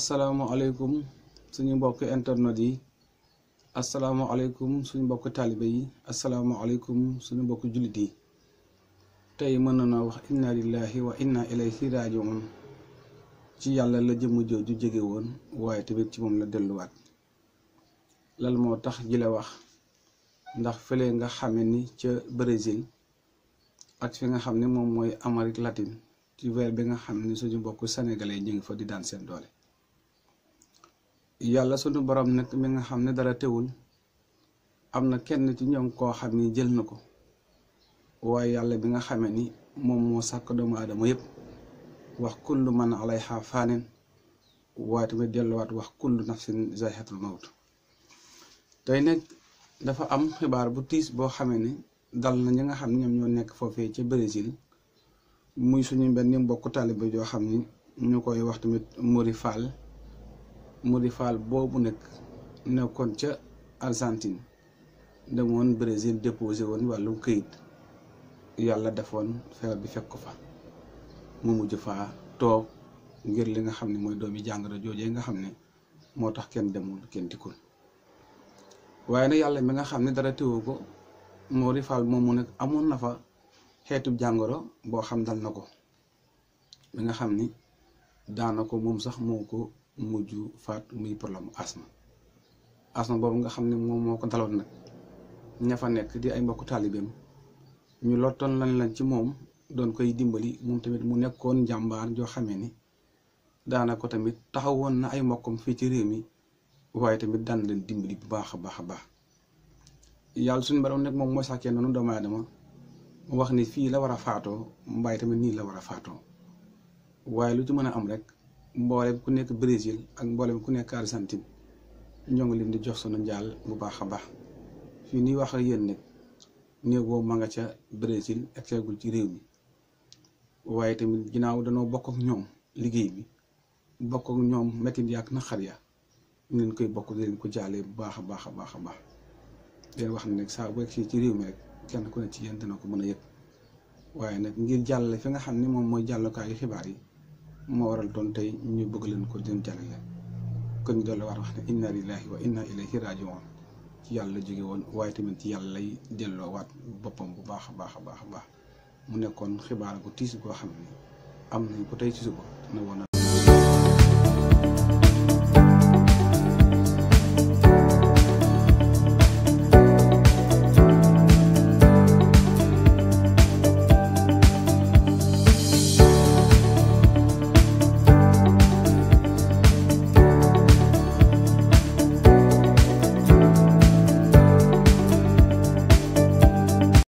asalaamualeykum suñu mbokk internet yi asalaamualeykum suñu mbokk taalibe yi asalaamualeykum suñu mbokk jullit yi tey mën na noo wax inna lillahi wa inna ilayhi raajiun ci yàlla la jëmm jooju jege woon waaye tamit ci moom la delluwaat lal moo tax ji la wax ndax fële nga xame ni ca Brésil ak fi nga xam ne moom mooy Amérique latine ci weer bi nga xam ne suñu mbokk sénégalais ñu ngi fa di daan seen doole yàlla sunu boroom nag mi nga xam ne dara teewul am na kenn ci ñoom koo xam ni jël na ko waaye yàlla bi nga xamee ni moom moo sàkk doomu aadama yëpp wax kullu man lay faanin waaye tamit delluwaat wax kullu nafsin zaaxatul mawt tey nag dafa am xibaar bu tiis boo xamee ni dal na ñi nga xam ne ñoom ñoo nekk foofee ci Brésil muy suñu benn mbokku taalibe joo xam ni ñu koy wax tamit Mori Fall Modou Fall boobu nag nekkoon ca Argentine demoon Brésil déposé woon wàllum kayit yàlla defoon feebar bi fekk ko fa mu mujj fa toog ngir li nga xam ne mooy doomi jàngoro joojee nga xam ne moo tax kenn demul kenn dikkul waaye nag yàlla mi nga xam ne dara teewoo ko moo Modou Fall moomu nag amoon na fa xeetu jàngoro boo xam dal na ko mi nga xam ni daana ko moom sax moo ko mujj faat muy problème asma asma boobu nga xam ne moom moo ko daloon nag ña fa nekk di ay mbokku taalibeem ñu lottoon lan lan ci moom doon koy dimbali moom tamit mu nekkoon njàmbaar joo xame ni daanaka tamit taxawoon na ay mbokkam fii ci réew mi waaye tamit daan leen dimbali bu baax a baax a baax yàlla suñu borom nag moom moo sàkkee noonu doomu aadama wax ni fii la war a faatoo mbaay tamit nii la war a faatoo waaye lu ci mën a am rek mboolem ku nekk Brésil ak mboolem ku nekk Argentine ñoo ngi leen di jox sunu njaal bu baax a baax fii nii wax ak yéen nag ma nga ca Brésil ak ci réew mi waaye tamit ginnaaw danoo bokk ñoom liggéey bi bokk ak ñoom metit ya ak naqar ya ñu leen koy bokk di leen ko jaalee bu baax a baax a baax a baax leen wax ne nag saa bu egsee ci réew mi rek kenn ku ne ci yéen dana ko mën a yëg waaye nag ngir jàllale fi nga xam ne moom mooy jàllukaayu xibaar yi moo waral doon tey ñu bëgg leen ko jën jàllale kon ñu doon war wax ne inna lillahi wa inna ilayhi rajiun ci yàlla la jóge woon waaye tamit ci yàlla lay delloowaat boppam bu baax a baax a baax a baax mu nekkoon xibaar bu tiis ko xam ne am nañ ko tey ci suba na woon